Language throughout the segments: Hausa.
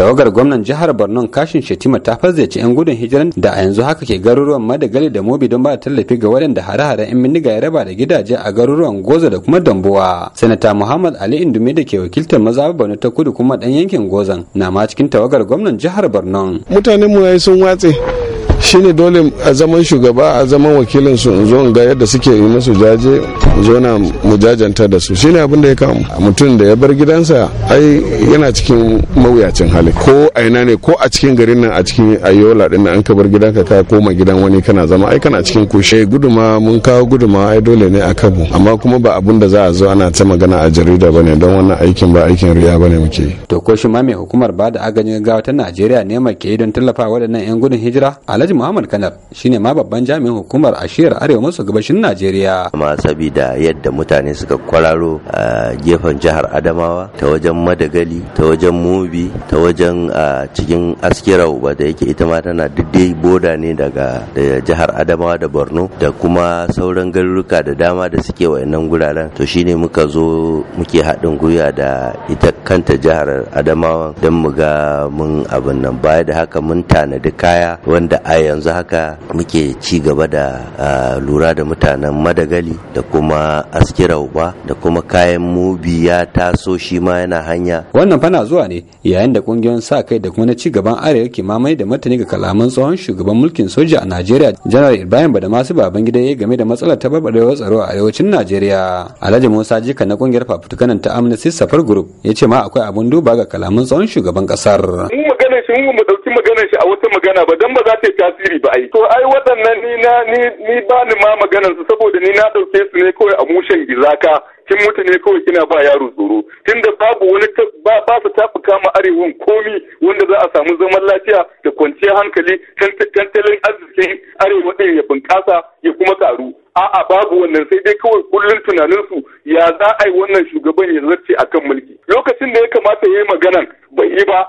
tawagar gwamnan jihar borno kashin shetima ta ci 'yan gudun hijiran da a yanzu haka ke garuruwan madagali da mobi don ba tallafi ga waɗanda hare-haren 'yan bindiga ya raba da gidaje a garuruwan goza da kuma dambuwa sanata muhammad ali indumi da ke wakiltar mazaba borno ta kudu kuma ɗan yankin gozan na ma cikin tawagar gwamnan jihar borno mutanen mu sun watse shine dole a zaman shugaba a zaman wakilin su in zo in ga yadda suke yi musu jaje zo na mu jajanta da su shi abin da ya kama mutum da ya bar gidansa ai yana cikin mawuyacin hali ko a ina ne ko a cikin garin nan a cikin ayola din an ka bar gidan ka koma gidan wani kana zama ai kana cikin kushe eh, guduma mun kawo guduma ai dole ne a kabu amma kuma ba abin da za a zo ana ta magana a jarida bane don wannan aikin ba aikin riya bane muke to ko shi ma mai hukumar ba da agajin gaggawa ta Najeriya ne ke don tallafa waɗannan 'yan gudun hijira a alhaji muhammad kanar shine ma babban jami'in hukumar ashiyar arewa maso gabashin najeriya amma sabida yadda mutane suka kwararo a gefen jihar adamawa ta wajen madagali ta wajen mubi ta wajen cikin askira uba da yake ita ma tana diddai boda ne daga jihar adamawa da borno da kuma sauran garuruka da dama da suke wayannan guraren to shine muka zo muke haɗin gwiwa da ita kanta jihar adamawa don mu ga mun abin nan baya da haka mun tanadi kaya wanda a yanzu haka muke ci gaba da lura da mutanen madagali da kuma uba da kuma kayan mubi ya taso shi ma yana hanya wannan fana zuwa ne yayin da kungiyoyin sa kai da kuma na ci gaban arewa ke mamaye da martani ga kalaman tsohon shugaban mulkin soja a najeriya janar ibrahim bada masu baban gida ya game da matsalar tabarbarewar tsaro a arewacin najeriya alhaji musa jika na kungiyar fafutukanan ta amnesty safar group ya ce ma akwai abun duba ga kalaman tsohon shugaban kasar mu magana shi mu mu dauki magana shi a wata magana ba dan ba za ta tasiri ba ai to ai waɗannan ni na ni ni ba ni ma maganar su saboda ni na ɗauke su ne kawai a mushen gizaka kin mutu ne kawai kina ba yaro tsoro tunda babu wani ba ba su tafi kama arewun komi wanda za a samu zaman lafiya da kwanciyar hankali tattalin arzikin arewa ɗin ya bunƙasa ya kuma karu a'a babu wannan sai dai kawai kullum tunaninsu ya za a yi wannan shugaban ya zarce akan mulki lokacin da ya kamata ya yi maganan bai yi ba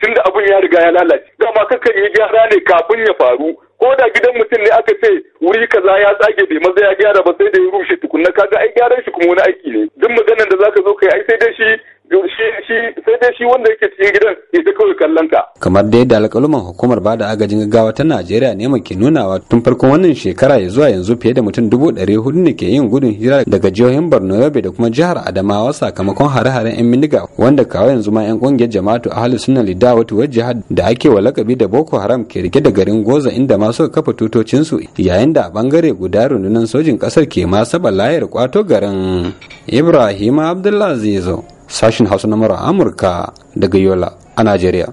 tunda abun ya riga ya lalace dama kakan yi gyara ne kafin ya faru ko da gidan mutum ne aka ce wuri kaza ya tsage bai maza ya gyara ba sai da ya rushe tukunna kaga ai gyaran shi kuma wani aiki ne duk maganar da zaka zo kai ai sai dai shi shi sai dai shi wanda yake cikin gidan kallon ka kamar da yadda alƙaluman hukumar bada agajin gaggawa ta Najeriya ne ke nunawa tun farkon wannan shekara ya zuwa yanzu fiye da mutum dubu ɗari hudu ne ke yin gudun hijira daga jihohin Borno Yobe da kuma jihar Adamawa sakamakon hare-haren 'yan bindiga wanda kawo yanzu ma 'yan ƙungiyar jama'atu ahli suna lida wa jihar da ake wa lakabi da Boko Haram ke rike da garin Goza inda ma suka kafa tutocinsu yayin da a bangare guda rundunar sojin ƙasar ke ma saba layar kwato garin. Ibrahim Abdullahi Zizo, sashin Hausa na Amurka daga Yola. a Najeriya.